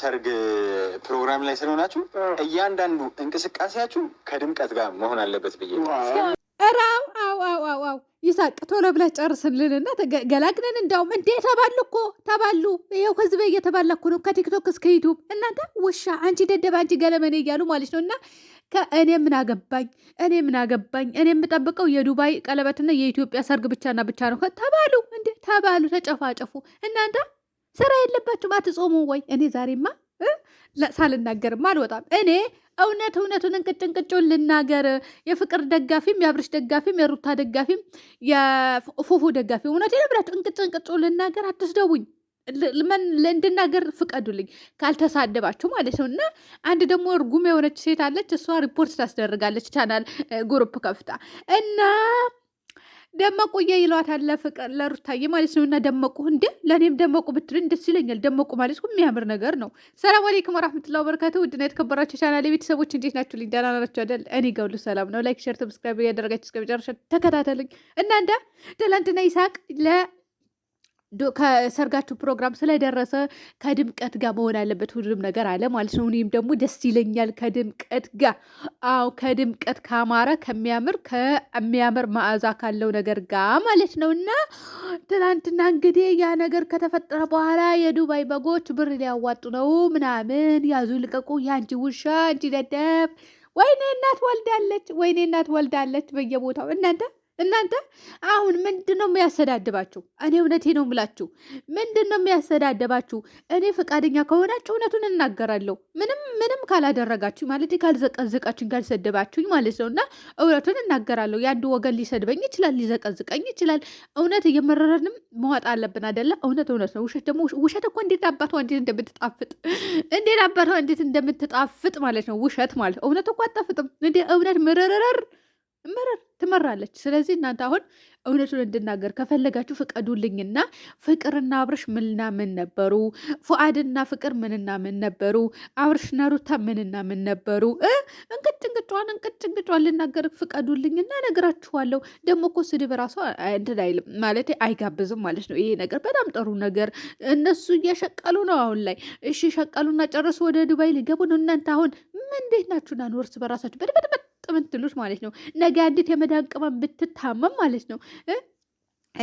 ሰርግ ፕሮግራም ላይ ስለሆናችሁ እያንዳንዱ እንቅስቃሴያችሁ ከድምቀት ጋር መሆን አለበት ብዬ ራው አው አው አው አው ይሳቅ ቶሎ ብለህ ጨርስልንና ገላግነን። እንዳውም እንዴ ተባሉ እኮ ተባሉ። ይኸው ህዝብ እየተባላኩ ነው ከቲክቶክ እስከ ዩቱብ። እናንተ ውሻ፣ አንቺ ደደብ፣ አንቺ ገለመኔ እያሉ ማለት ነው። እና እኔ ምን አገባኝ፣ እኔ ምን አገባኝ። እኔ የምጠብቀው የዱባይ ቀለበትና የኢትዮጵያ ሰርግ ብቻና ብቻ ነው። ተባሉ እንዴ ተባሉ፣ ተጨፋጨፉ እናንተ ስራ የለባችሁም አትጾሙ ወይ? እኔ ዛሬማ ሳልናገርም አልወጣም። እኔ እውነት እውነቱን እንቅጭ እንቅጩን ልናገር። የፍቅር ደጋፊም የአብርሽ ደጋፊም የሩታ ደጋፊም የፉፉ ደጋፊ እውነት ብላችሁ እንቅጭ እንቅጩን ልናገር። አትስደቡኝ፣ እንድናገር ፍቀዱልኝ፣ ካልተሳደባችሁ ማለት ነው። እና አንድ ደግሞ እርጉም የሆነች ሴት አለች። እሷ ሪፖርት ታስደርጋለች ቻናል ግሩፕ ከፍታ እና ደመቁዬ ይሏታል ለሩታዬ ማለት ነው። እና ደመቁ እንደ ለእኔም ደመቁ ብትሉኝ ደስ ይለኛል። ደመቁ ማለት የሚያምር ነገር ነው። ሰላም አለይኩም ወራህመቱላሂ ወበረካቱ። ውድና የተከበራችሁ ቻናል የቤተሰቦች እንዴት ናችሁ? ልኝ ደህና ናችሁ አይደል? እኔ ጋር ሁሉ ሰላም ነው። ላይክ፣ ሼር፣ ሰብስክራይብ እያደረጋችሁ እስከ መጨረሻ ተከታተሉኝ። እናንተ ትላንትና ይሳቅ ለ ከሰርጋችሁ ፕሮግራም ስለደረሰ ከድምቀት ጋር መሆን አለበት ሁሉም ነገር አለ ማለት ነው። እኔም ደግሞ ደስ ይለኛል ከድምቀት ጋር። አዎ ከድምቀት ካማረ ከሚያምር ከሚያምር መዓዛ ካለው ነገር ጋር ማለት ነው። እና ትናንትና እንግዲህ ያ ነገር ከተፈጠረ በኋላ የዱባይ በጎች ብር ሊያዋጡ ነው ምናምን፣ ያዙ ልቀቁ፣ ያንቺ ውሻ፣ አንቺ ደደብ፣ ወይኔ እናት ወልዳለች፣ ወይኔ እናት ወልዳለች በየቦታው እናንተ እናንተ አሁን ምንድን ነው የሚያሰዳድባችሁ? እኔ እውነቴ ነው የምላችሁ፣ ምንድን ነው የሚያሰዳድባችሁ? እኔ ፈቃደኛ ከሆናችሁ እውነቱን እናገራለሁ። ምንም ምንም ካላደረጋችሁ ማለት ካልዘቀዝቃችሁኝ፣ ካልሰደባችሁኝ ማለት ነው እና እውነቱን እናገራለሁ። የአንድ ወገን ሊሰድበኝ ይችላል፣ ሊዘቀዝቀኝ ይችላል። እውነት እየመረረንም መዋጣ አለብን አደለ? እውነት እውነት ነው። ውሸት ደግሞ ውሸት እኮ እንዴት አባቷ እንዴት እንደምትጣፍጥ እንዴት አባቷ እንዴት እንደምትጣፍጥ ማለት ነው። ውሸት ማለት እውነት እኮ አጣፍጥም እንዴ! እውነት ምርርር መረር ትመራለች። ስለዚህ እናንተ አሁን እውነቱን እንድናገር ከፈለጋችሁ ፍቀዱልኝና ፍቅርና አብርሽ ምንና ምን ነበሩ? ፉአድና ፍቅር ምንና ምን ነበሩ? አብርሽና ሩታ ምንና ምን ነበሩ? እንቅጭ እንቅጫዋን እንቅጭ እንቅጫዋን ልናገር ፍቀዱልኝና ነግራችኋለሁ። ደግሞ እኮ ስድብ ራሱ እንትን አይልም ማለት አይጋብዝም ማለት ነው። ይሄ ነገር በጣም ጥሩ ነገር። እነሱ እየሸቀሉ ነው አሁን ላይ። እሺ ሸቀሉና ጨረሱ፣ ወደ ዱባይ ሊገቡ ነው። እናንተ አሁን ምን እንዴት ናችሁና እርስ በራሳችሁ በድበድበት የምትሉት ማለት ነው። ነገ አንዲት የመዳን ቅመም ብትታመም ማለት ነው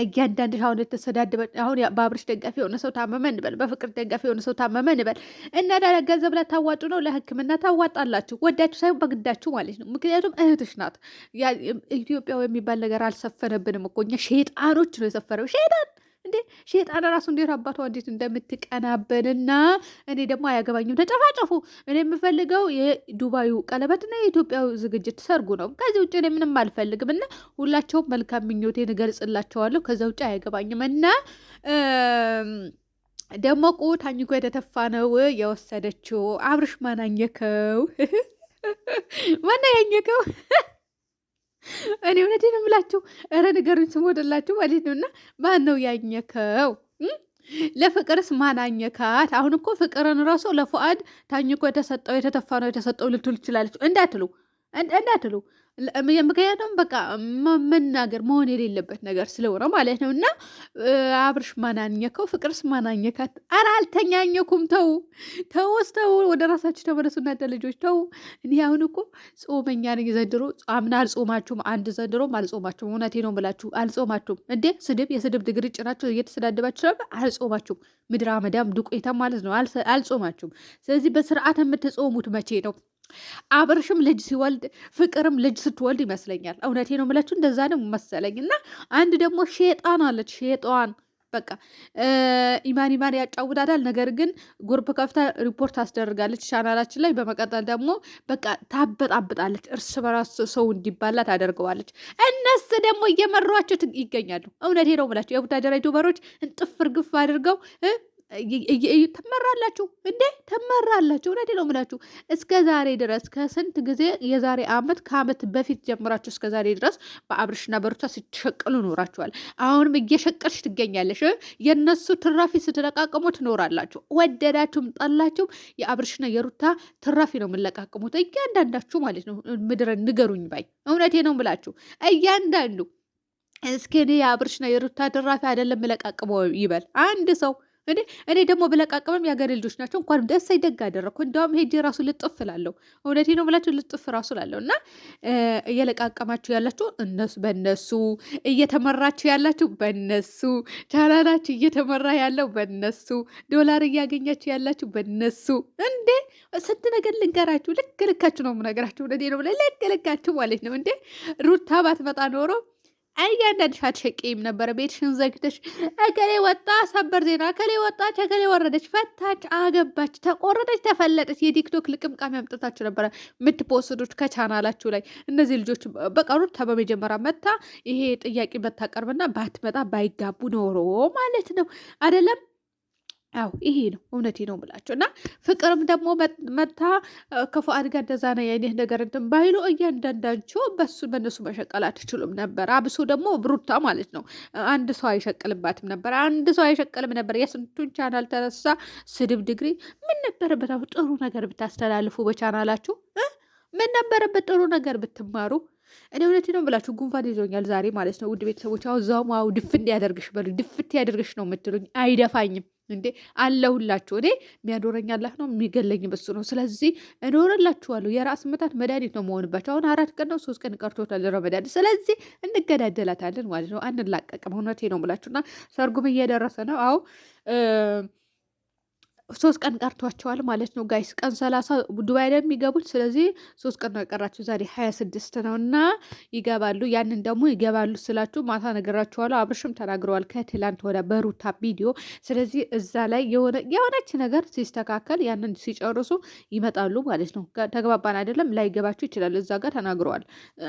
እያንዳንድ አሁን የተሰዳደበ አሁን በአብርሽ ደጋፊ የሆነ ሰው ታመመ እንበል፣ በፍቅር ደጋፊ የሆነ ሰው ታመመ እንበል እና ዳ ገንዘብ ላይ ታዋጡ ነው ለሕክምና ታዋጣላችሁ፣ ወዳችሁ ሳይሆን በግዳችሁ ማለት ነው። ምክንያቱም እህትሽ ናት። ኢትዮጵያ የሚባል ነገር አልሰፈረብንም እኮ እኛ ሸይጣኖች ነው የሰፈረው ሸይጣን እንዴ ሼጣን ራሱ እንዴት አባቷ እንዴት እንደምትቀናበንና እኔ ደግሞ አያገባኝም። ተጨፋጨፉ። እኔ የምፈልገው የዱባዩ ቀለበትና የኢትዮጵያዊ ዝግጅት ሰርጉ ነው። ከዚህ ውጭ እኔ ምንም አልፈልግም እና ሁላቸውም መልካም ምኞቴን እገልጽላቸዋለሁ። ከዚ ውጭ አያገባኝም እና ደግሞ ቁ ታኝኮ የተተፋ ነው የወሰደችው። አብርሽ ማናኘከው ማናያኘከው እኔ እውነቴን የምላችሁ ኧረ ንገሩኝ ስሞደላችሁ ማለት ነው። እና ማን ነው ያኘከው? ለፍቅርስ ማን አኘካት? አሁን እኮ ፍቅርን ራሱ ለፉአድ ታኝኮ የተሰጠው የተተፋ ነው የተሰጠው ልትሉ ትችላለች። እንዳትሉ እንዳትሉ ምክንያቱም በቃ መናገር መሆን የሌለበት ነገር ስለሆነ ማለት ነው። እና አብርሽ ማናኘከው ፍቅርስ ማናኘካት? ኧረ አልተኛኘኩም። ተው ተውስ፣ ተው ወደ ራሳችሁ ተመለሱ። እናንተ ልጆች ተው። እኔ አሁን እኮ ጾመኛ ነኝ ዘንድሮ። አምና አልጾማችሁም፣ አንድ ዘንድሮም አልጾማችሁም። እውነቴ ነው ብላችሁ አልጾማችሁም እንዴ? ስድብ የስድብ ድግሪ ጭናችሁ እየተሰዳደባችሁ ስለ አልጾማችሁም። ምድረ አመዳም ዱቄታ ማለት ነው። አልጾማችሁም። ስለዚህ በስርዓት የምትጾሙት መቼ ነው? አብርሽም ልጅ ሲወልድ ፍቅርም ልጅ ስትወልድ ይመስለኛል። እውነቴ ነው የምላችሁ፣ እንደዛ ነው መሰለኝ። እና አንድ ደግሞ ሼጣን አለች ሼጣን በቃ ኢማን ኢማን ያጫውታታል። ነገር ግን ጉርፕ ከፍታ ሪፖርት ታስደርጋለች ቻናላችን ላይ። በመቀጠል ደግሞ በቃ ታበጣብጣለች፣ እርስ በራስ ሰው እንዲባላ ታደርገዋለች። እነስ ደግሞ እየመሯቸው ይገኛሉ። እውነቴ ነው የምላቸው የቡታጀራ ዩቱበሮች እንጥፍ እርግፍ አድርገው ትመራላችሁ እንዴ? ትመራላችሁ። እውነቴ ነው የምላችሁ። እስከ ዛሬ ድረስ ከስንት ጊዜ የዛሬ አመት ከአመት በፊት ጀምራችሁ እስከ ዛሬ ድረስ በአብርሽና በሩታ ሲሸቅሉ ኖራችኋል። አሁንም እየሸቀልሽ ትገኛለሽ። የእነሱ ትራፊ ስትለቃቅሙ ትኖራላችሁ። ወደዳችሁም ጠላችሁም የአብርሽና የሩታ ትራፊ ነው የምንለቃቅሙት እያንዳንዳችሁ ማለት ነው። ምድረ ንገሩኝ ባይ እውነቴ ነው የምላችሁ እያንዳንዱ እስኪ እኔ የአብርሽና የሩታ ትራፊ አይደለም የምለቃቅመው ይበል አንድ ሰው እኔ እኔ ደግሞ ብለቃቀመም የአገሬ ልጆች ናቸው። እንኳን ደስ ይደግ አደረግኩ። እንዲያውም ሄጄ ራሱ ልጥፍ ላለው እውነቴ ነው ብላችሁ ልጥፍ ራሱ ላለሁ እና እየለቃቀማችሁ ያላችሁ እነሱ በነሱ እየተመራችሁ ያላችሁ በነሱ ቻናላችሁ እየተመራ ያለው በነሱ ዶላር እያገኛችሁ ያላችሁ በነሱ። እንዴ ስንት ነገር ልንገራችሁ። ልክ ልካችሁ ነው የምነግራችሁ። እውነቴ ነው ብላ ልክ ልካችሁ ማለት ነው። እንዴ ሩታ ባትመጣ ኖሮ እያንዳንድሽ አትሸቂም ነበረ። ቤትሽን ዘግተሽ እከሌ ወጣ፣ ሰበር ዜና፣ እከሌ ወጣች፣ እከሌ ወረደች፣ ፈታች፣ አገባች፣ ተቆረጠች፣ ተፈለጠች፣ የቲክቶክ ልቅምቃሚ አምጥታችሁ ነበረ የምትፖስዱት ከቻናላችሁ ላይ። እነዚህ ልጆች በቀሩታ በመጀመሪያ መታ ይሄ ጥያቄ በታቀርብና ባትመጣ ባይጋቡ ኖሮ ማለት ነው አደለም አው ይሄ ነው እውነቴ ነው ብላቸው እና ፍቅርም ደግሞ መታ ከፉአድ ጋር እንደዛ ነው የአይነት ነገር እንትን ባይሉ እያንዳንዳቸው በሱ በእነሱ መሸቀል አትችሉም ነበር። አብሶ ደግሞ ብሩታ ማለት ነው አንድ ሰው አይሸቅልባትም ነበር። አንድ ሰው አይሸቅልም ነበር። የስንቱን ቻናል ተነሳ ስድብ ድግሪ ምን ነበረበት? ጥሩ ነገር ብታስተላልፉ በቻናላችሁ ምን ነበረበት? ጥሩ ነገር ብትማሩ እኔ እውነቴ ነው ብላችሁ ጉንፋን ይዞኛል ዛሬ ማለት ነው። ውድ ቤተሰቦች አሁ ዛው ድፍት ያደርግሽ በሉ ድፍት ያደርግሽ ነው የምትሉኝ አይደፋኝም እንዴ አለሁላችሁ። እኔ የሚያኖረኝ አላህ ነው፣ የሚገለኝ እሱ ነው። ስለዚህ እኖርላችኋለሁ። የራስ ምታት መድኃኒት ነው መሆንባቸው። አሁን አራት ቀን ነው ሶስት ቀን ቀርቶታል ረመዳን። ስለዚህ እንገዳደላታለን ማለት ነው፣ አንላቀቅም። እውነቴ ነው ብላችሁና ሰርጉም እየደረሰ ነው። አዎ ሶስት ቀን ቀርቷቸዋል ማለት ነው ጋይስ። ቀን ሰላሳ ዱባይ ላይ የሚገቡት ስለዚህ ሶስት ቀን ነው የቀራቸው። ዛሬ ሀያ ስድስት ነው እና ይገባሉ። ያንን ደግሞ ይገባሉ ስላችሁ ማታ ነገራችኋለሁ። አብርሽም ተናግረዋል ከትላንት ወደ በሩታ ቪዲዮ። ስለዚህ እዛ ላይ የሆነች ነገር ሲስተካከል ያንን ሲጨርሱ ይመጣሉ ማለት ነው። ተግባባን አይደለም? ላይገባችሁ ይችላል። እዛ ጋር ተናግረዋል።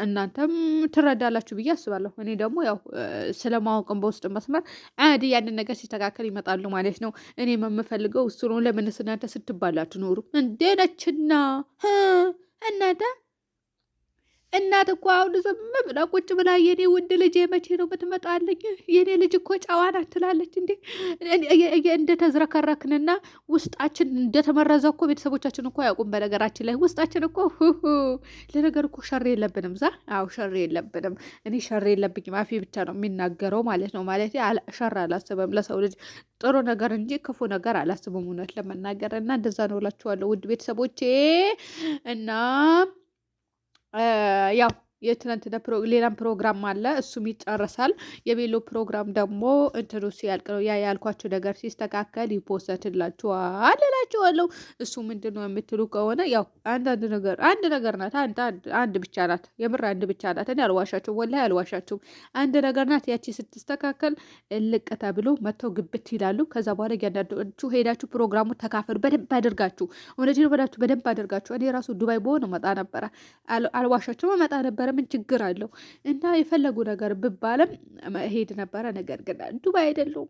እናንተም ትረዳላችሁ ብዬ አስባለሁ። እኔ ደግሞ ያው ስለማወቅም በውስጥ መስመር አድ ያንን ነገር ሲስተካከል ይመጣሉ ማለት ነው። እኔ የምፈልገው እሱ ነው? ለምንስ እናንተ ስትባላችሁ ኖሩ እንዴ ነችና እናዳ እናት እኮ አሁን ዝም ብላ ቁጭ ብላ የኔ ውድ ልጅ መቼ ነው የምትመጣልኝ? የኔ ልጅ እኮ ጨዋ ናት ትላለች። እንዴ እንደተዝረከረክንና ውስጣችን እንደተመረዘ እኮ ቤተሰቦቻችን እኮ አያውቁም። በነገራችን ላይ ውስጣችን እኮ ለነገር እኮ ሸር የለብንም። ዛ አዎ ሸር የለብንም። እኔ ሸር የለብኝም። አፌ ብቻ ነው የሚናገረው ማለት ነው። ማለት ሸር አላስብም ለሰው ልጅ ጥሩ ነገር እንጂ ክፉ ነገር አላስብም። እውነት ለመናገር እና እንደዛ ነው እላችኋለሁ ውድ ቤተሰቦቼ እና Ee, yap የትናንትና ሌላም ፕሮግራም አለ፣ እሱም ይጨረሳል። የቤሎ ፕሮግራም ደግሞ እንትኑ ሲያልቅ ነው። ያ ያልኳቸው ነገር ሲስተካከል ይፖሰትላችኋል እላችኋለሁ። እሱ ምንድን ነው የምትሉ ከሆነ ያው አንዳንድ ነገር አንድ ነገር ናት። አንድ ብቻ ናት። የምር አንድ ብቻ ናት። እኔ አልዋሻችሁም፣ ወላሂ አልዋሻችሁም። አንድ ነገር ናት። ያቺ ስትስተካከል እልቅ ተብሎ መጥተው ግብት ይላሉ። ከዛ በኋላ እያንዳንዱ ሄዳችሁ ፕሮግራሙ ተካፈሉ በደንብ አድርጋችሁ። እውነቴን በላችሁ በደንብ አድርጋችሁ። እኔ ራሱ ዱባይ በሆነ መጣ ነበረ፣ አልዋሻችሁም፣ መጣ ነበረ ምን ችግር አለው? እና የፈለጉ ነገር ብባለም ሄድ ነበረ። ነገር ግን ዱባይ አይደለሁም፣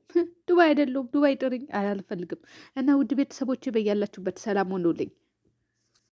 ዱባይ አይደለሁም፣ ዱባይ ጥሪኝ አልፈልግም። እና ውድ ቤተሰቦች በያላችሁበት ሰላም ሆኖልኝ